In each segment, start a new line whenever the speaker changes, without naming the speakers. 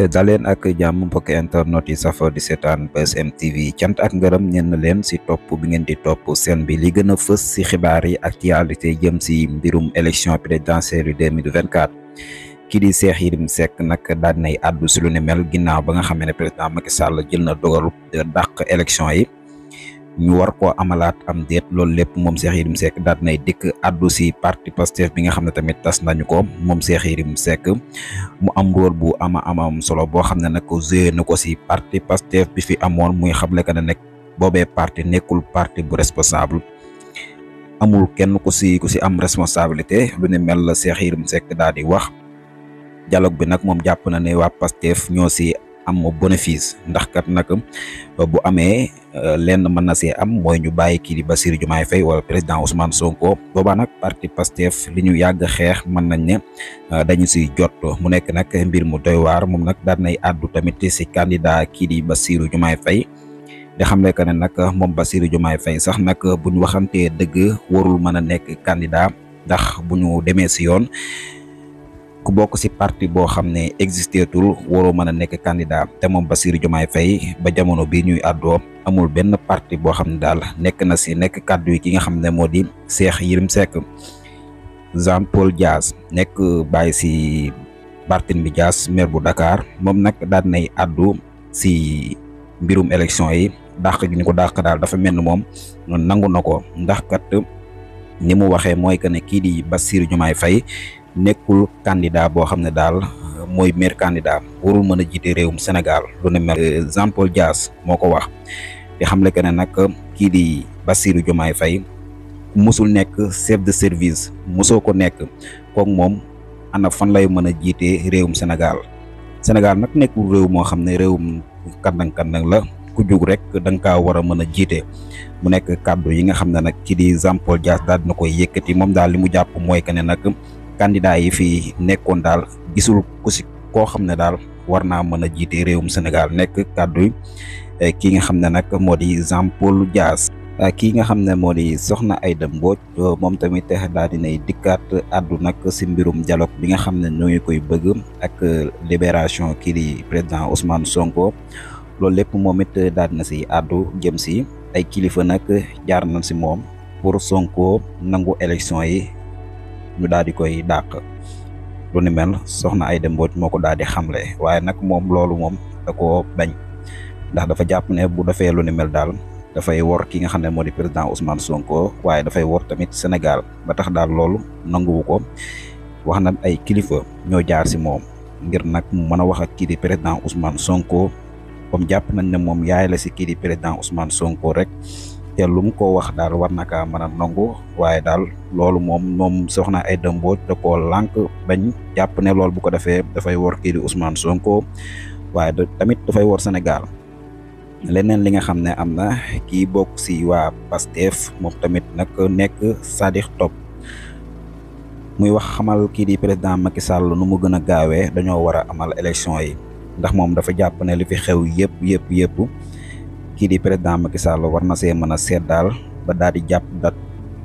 Eh, daleen ak jàmm mbokk internet yi safo di seetaan Buzz M cant ak ngërëm ñenn leen si topp bi ngeen di topp seen bi li gën a fës si xibaar yi actualité jëm si mbirum election élection présidentielle 2024 ki di Cheikh Yérim sek nag daad nay àddu si lu ne mel ginnaaw ba nga xam ne président Macky Sall jël na dogalu eh, dàq élection yi ñu war ko amalat am deet lol lepp mom Cheikh Yérim sek dat nay dikk addu si parti Pastef bi nga xamne tamit tas nañu ko mom Cheikh sek mu am rôle bu ama amam solo bo xamne ne nag joué na parti Pastef bi fi amone muy xamle que ne bobé parti nekul parti bu responsable amul kenn ko ci ko ci am responsabilité lu ne mel Cheikh Yérim sek dal di wax dialogue bi nak mom nyosi na ne wa Pastef ñoo ci am bénéfice ndax kat nak euh, bu euh, len lén mën na am moy ñu bàyyi ki di Basir Diomaye Faye wala président Ousmane Sonko boba nak parti Pastef li ñu yag xex mën nañ né euh, dañu si jotto mu nekk nak mbir mu doy war moom nak daan nay addu tamit si candidat ki di Basir Diomaye Faye di xam ne que ne nag Diomaye Faye sax nak buñ waxanté dëgg warul mëna nekk candidat ndax buñu démé ci ku bok ci parti bo xam ne existeetul waroo mën a candidat té mom Bassirou Diomaye Faye ba jamono bi ñuy addo amul benn parti bo xam dal nek na ci nek cadeau yi ki nga xam modi Cheikh yirim Seck Jean Paul Dias nek bay ci Barthélémy Dias maire bu Dakar mom nak daal nay àddu ci mbirum élection yi dakh gi ñu ko dal dafa mel mom non nangu nako ndax kat ni mu waxe moy que ne di Bassirou Diomaye Faye nekkul candidat boo xam ne daal euh, mooy meilleur candidat warul mën a jiite réewum Sénégal lu ne mel euh, Jean moo ko wax di xamle que ne nag kii di Bassirou Diomaye Faye musul nekk chef de service musoo ko nekk kook moom ana fan lay mën a jiite réewum Sénégal Sénégal nag nekkul réew moo xam ne réewum kandang kandang la ku jug rek da nga war a mën a jiite mu nekk kàddu yi nga xam ne nag kii di Jean Paul Dias daal dina koy yëkkati moom daal li mu jàpp mooy que ne nag candidat yi fi nekkoon daal gisul ku si koo xam ne daal war naa mën a jiite réewum Sénégal nekk kàddu eh, ki nga xam ne nag moo di Jean Paul Dias eh, kii nga xam ne moo di soxna Aïda Mbodj moom tamit daal dinay dikkaat àddu nag si mbirum dialogue bi nga xam ne ñoo koy bëgg ak libération kii di président Ousmane Sonko loolu lépp moom it daal dina si addu jëm si ay kilifa nag jaar na si moom pour Sonko nangu élection yi ñu daal di koy dàq lu ni mel soxna ay Mbodj moo ko daal di xamle waaye nag moom loolu moom da bañ ndax dafa jàpp ne bu defee lu ni daal dafay wor ki nga xam ne moo di président Ousmane Sonko waaye dafay wor tamit Sénégal ba tax daal loolu nanguwu ko wax na ay kilifa ñoo jaar si moom ngir nag mu mën a wax ak kii di président Ousmane Sonko comme jàpp nañ ne moom yaay la si kii di président Ousmane Sonko rek. Ya lum ko wax dal war naka kaa mën a dal waaye mom mom soxna ay dembo da ko lank bañ japp ne loolu bu ko da fay wor kidi di Ousmane Sonko waaye tamit fay wor senegal lenen li nga xamne amna ki bok si wa Pastef mom tamit nak nek Sadikh Top muy wax xamal ki di president Macky Sall nu mu gëna gaawé dañoo wara amal élection yi ndax mom dafa japp ne li fi xew yépp yépp yépp kii di président Macky Sall war na see mën a seet daal ba daal di jàpp date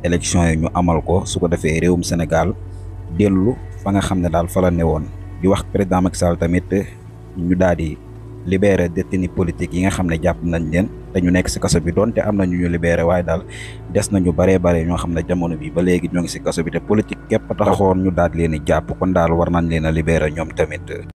élection yi ñu amal ko su ko defee réewum Sénégal dellu fa nga xam ne daal fa la woon di wax président Macky Sall tamit ñu daal di libéré détenu politique yi nga xam ne jàpp nañ leen te ñu nekk si kaso bi doonte am na ñu ñu libéré waaye daal des nañu baree bare ñoo xam ne jamono bi ba léegi ñoo ngi si kaso bi te politique képp taxoon ñu daal leen jàpp kon daal war nañ leen a libéré ñoom tamit.